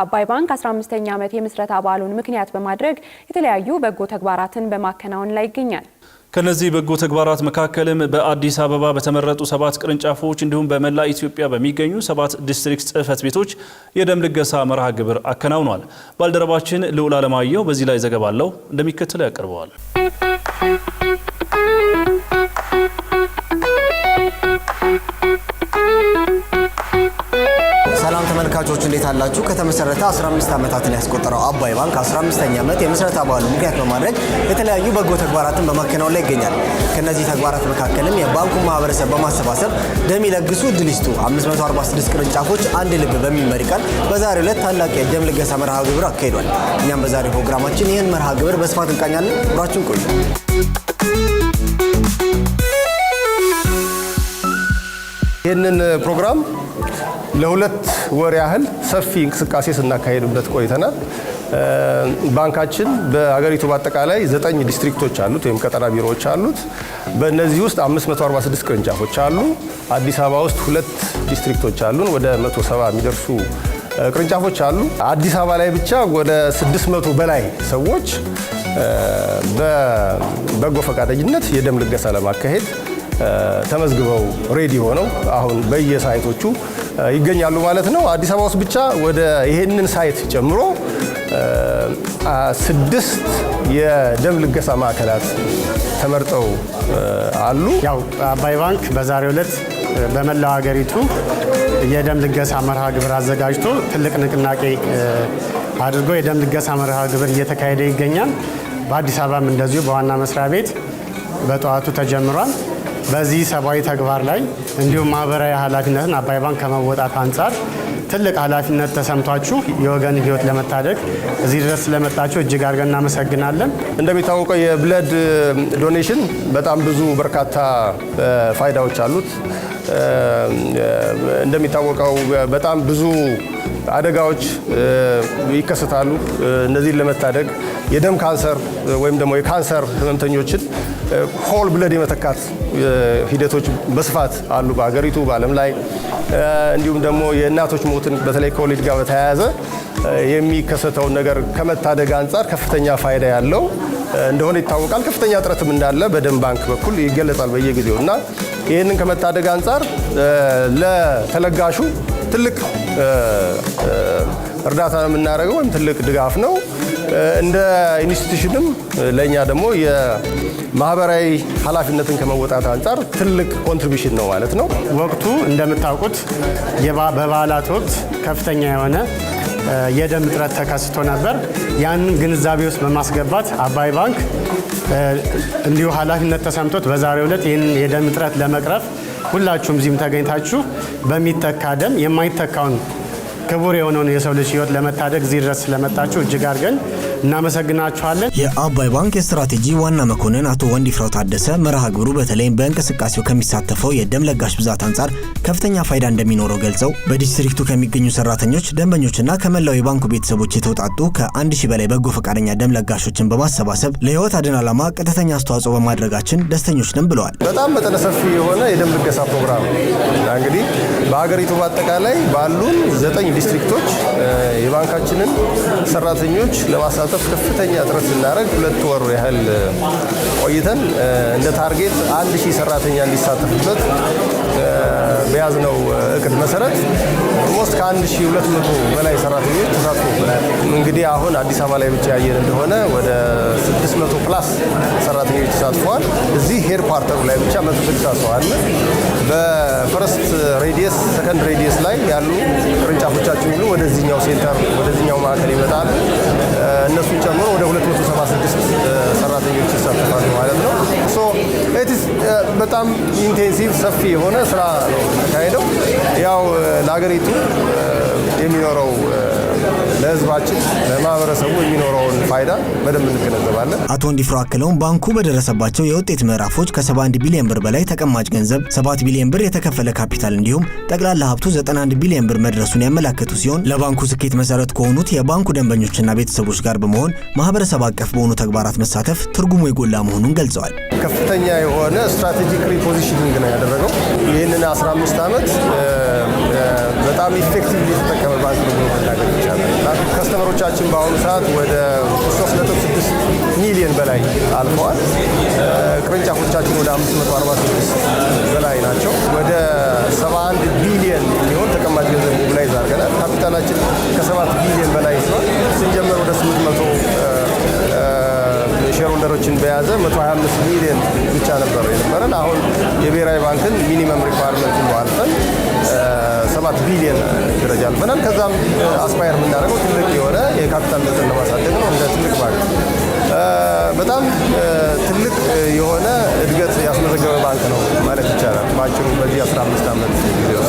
አባይ ባንክ 15ኛ ዓመት የምስረታ በዓሉን ምክንያት በማድረግ የተለያዩ በጎ ተግባራትን በማከናወን ላይ ይገኛል። ከነዚህ በጎ ተግባራት መካከልም በአዲስ አበባ በተመረጡ ሰባት ቅርንጫፎች እንዲሁም በመላ ኢትዮጵያ በሚገኙ ሰባት ዲስትሪክት ጽህፈት ቤቶች የደም ልገሳ መርሃ ግብር አከናውኗል። ባልደረባችን ልዑል አለማየሁ በዚህ ላይ ዘገባ አለው፣ እንደሚከተለው ያቀርበዋል። ታውቁታላችሁ ከተመሰረተ 15 ዓመታትን ያስቆጠረው አባይ ባንክ 15ኛ ዓመት የምስረታ በዓሉ ምክንያት በማድረግ የተለያዩ በጎ ተግባራትን በማከናወን ላይ ይገኛል። ከእነዚህ ተግባራት መካከልም የባንኩን ማህበረሰብ በማሰባሰብ ደም ይለግሱ ድል 546 ቅርንጫፎች አንድ ልብ በሚል በዛሬ ቃል በዛሬው ዕለት ታላቅ የደም ልገሳ መርሃ ግብር አካሂዷል። እኛም በዛሬው ፕሮግራማችን ይህን መርሃ ግብር በስፋት እንቃኛለን። አብራችሁን ቆዩ። ይህንን ፕሮግራም ለሁለት ወር ያህል ሰፊ እንቅስቃሴ ስናካሄድበት ቆይተናል። ባንካችን በሀገሪቱ በአጠቃላይ ዘጠኝ ዲስትሪክቶች አሉት ወይም ቀጠና ቢሮዎች አሉት። በእነዚህ ውስጥ 546 ቅርንጫፎች አሉ። አዲስ አበባ ውስጥ ሁለት ዲስትሪክቶች አሉን። ወደ 170 የሚደርሱ ቅርንጫፎች አሉ። አዲስ አበባ ላይ ብቻ ወደ 600 በላይ ሰዎች በበጎ ፈቃደኝነት የደም ልገሳ ለማካሄድ ተመዝግበው ሬዲ ሆነው አሁን በየሳይቶቹ ይገኛሉ ማለት ነው። አዲስ አበባ ውስጥ ብቻ ወደ ይሄንን ሳይት ጨምሮ ስድስት የደም ልገሳ ማዕከላት ተመርጠው አሉ። ያው አባይ ባንክ በዛሬው ዕለት በመላው ሀገሪቱ የደም ልገሳ መርሃ ግብር አዘጋጅቶ ትልቅ ንቅናቄ አድርጎ የደም ልገሳ መርሃ ግብር እየተካሄደ ይገኛል። በአዲስ አበባም እንደዚሁ በዋና መስሪያ ቤት በጠዋቱ ተጀምሯል። በዚህ ሰብአዊ ተግባር ላይ እንዲሁም ማህበራዊ ኃላፊነትን አባይ ባንክ ከመወጣት አንጻር ትልቅ ኃላፊነት ተሰምቷችሁ የወገን ህይወት ለመታደግ እዚህ ድረስ ስለመጣችሁ እጅግ አድርገን እናመሰግናለን። እንደሚታወቀው የብለድ ዶኔሽን በጣም ብዙ በርካታ ፋይዳዎች አሉት። እንደሚታወቀው በጣም ብዙ አደጋዎች ይከሰታሉ። እነዚህን ለመታደግ የደም ካንሰር ወይም ደግሞ የካንሰር ህመምተኞችን ሆል ብለድ የመተካት ሂደቶች በስፋት አሉ በሀገሪቱ በዓለም ላይ እንዲሁም ደግሞ የእናቶች ሞትን በተለይ ከወሊድ ጋር በተያያዘ የሚከሰተውን ነገር ከመታደግ አንጻር ከፍተኛ ፋይዳ ያለው እንደሆነ ይታወቃል። ከፍተኛ እጥረትም እንዳለ በደም ባንክ በኩል ይገለጻል በየጊዜው እና ይህንን ከመታደግ አንጻር ለተለጋሹ ትልቅ እርዳታ ነው የምናደርገው ወይም ትልቅ ድጋፍ ነው። እንደ ኢንስቲትዩሽንም ለእኛ ደግሞ የማህበራዊ ኃላፊነትን ከመወጣት አንጻር ትልቅ ኮንትሪቢሽን ነው ማለት ነው። ወቅቱ እንደምታውቁት በበዓላት ወቅት ከፍተኛ የሆነ የደም እጥረት ተከስቶ ነበር። ያንን ግንዛቤ ውስጥ በማስገባት አባይ ባንክ እንዲሁ ኃላፊነት ተሰምቶት በዛሬው ዕለት ይህን የደም እጥረት ለመቅረፍ ሁላችሁም እዚህም ተገኝታችሁ በሚተካ ደም የማይተካውን ክቡር የሆነውን የሰው ልጅ ህይወት ለመታደግ እዚህ ድረስ ስለመጣችሁ እጅግ አድርገን እናመሰግናችኋለን። የአባይ ባንክ የስትራቴጂ ዋና መኮንን አቶ ፍራው ታደሰ መርሃ ግብሩ በተለይም በእንቅስቃሴው ከሚሳተፈው የደም ለጋሽ ብዛት አንጻር ከፍተኛ ፋይዳ እንደሚኖረው ገልጸው በዲስትሪክቱ ከሚገኙ ሰራተኞች፣ ደንበኞችና ከመላው የባንኩ ቤተሰቦች የተውጣጡ ከአንድ ሺህ በላይ በጎ ፈቃደኛ ደም ለጋሾችን በማሰባሰብ ለህይወት አድን ዓላማ ቀጥተኛ አስተዋጽኦ በማድረጋችን ደስተኞች ነን ብለዋል። በጣም መጠነ ሰፊ የሆነ የደም ልገሳ ፕሮግራም እንግዲህ በሀገሪቱ በአጠቃላይ ባሉን ዘጠኝ ዲስትሪክቶች የባንካችንን ሰራተኞች ለማሳ ለማሳተፍ ከፍተኛ ጥረት ስናደርግ ሁለት ወር ያህል ቆይተን እንደ ታርጌት አንድ ሺህ ሰራተኛ እንዲሳተፍበት በያዝነው እቅድ መሰረት ኦልሞስት ከ1200 በላይ ሰራተኞች ተሳትፎበታል። እንግዲህ አሁን አዲስ አበባ ላይ ብቻ ያየን እንደሆነ ወደ 600 ፕላስ ሰራተኞች ተሳትፈዋል። እዚህ ሄድ ኳርተሩ ላይ ብቻ መቶ ሰው አለ። በፈረስት ሬዲየስ፣ ሰከንድ ሬዲየስ ላይ ያሉ ቅርንጫፎቻችን ሁሉ ወደዚህኛው ሴንተር ወደዚህኛው ማዕከል ይመ ሰፊ የሆነ ስራ ነው የተካሄደው። ያው ለሀገሪቱ የሚኖረው ለህዝባችን ለማህበረሰቡ የሚኖረውን ፋይዳ በደንብ እንገነዘባለን። አቶ እንዲፍሮ አክለውም ባንኩ በደረሰባቸው የውጤት ምዕራፎች ከ71 ቢሊዮን ብር በላይ ተቀማጭ ገንዘብ፣ 7 ቢሊዮን ብር የተከፈለ ካፒታል እንዲሁም ጠቅላላ ሀብቱ 91 ቢሊዮን ብር መድረሱን ያመላከቱ ሲሆን ለባንኩ ስኬት መሰረት ከሆኑት የባንኩ ደንበኞችና ቤተሰቦች ጋር በመሆን ማህበረሰብ አቀፍ በሆኑ ተግባራት መሳተፍ ትርጉሙ የጎላ መሆኑን ገልጸዋል። ከፍተኛ የሆነ ስትራቴጂክ ሪፖዚሽኒንግ ነው ያደረገው። ይህንን 15 ዓመት በጣም ኢፌክቲቭ የተጠቀመ ከስተመሮቻችን በአሁኑ ሰዓት ወደ 36 ሚሊዮን በላይ አልፈዋል። ቅርንጫፎቻችን ወደ 546 በላይ ናቸው። ሀገሮችን በያዘ 125 ሚሊዮን ብቻ ነበር የነበረን። አሁን የብሔራዊ ባንክን ሚኒመም ሪኳርመንት ነው አልፈን 7 ቢሊዮን ደረጃ አልፈናል። ከዛም አስፓየር የምናደርገው ትልቅ የሆነ የካፒታል መጠን ለማሳደግ ነው እንደ ትልቅ ባንክ በጣም ትልቅ የሆነ እድገት ያስመዘገበ ባንክ ነው ማለት ይቻላል። በአጭሩ በዚህ 15 ዓመት ጊዜ ውስጥ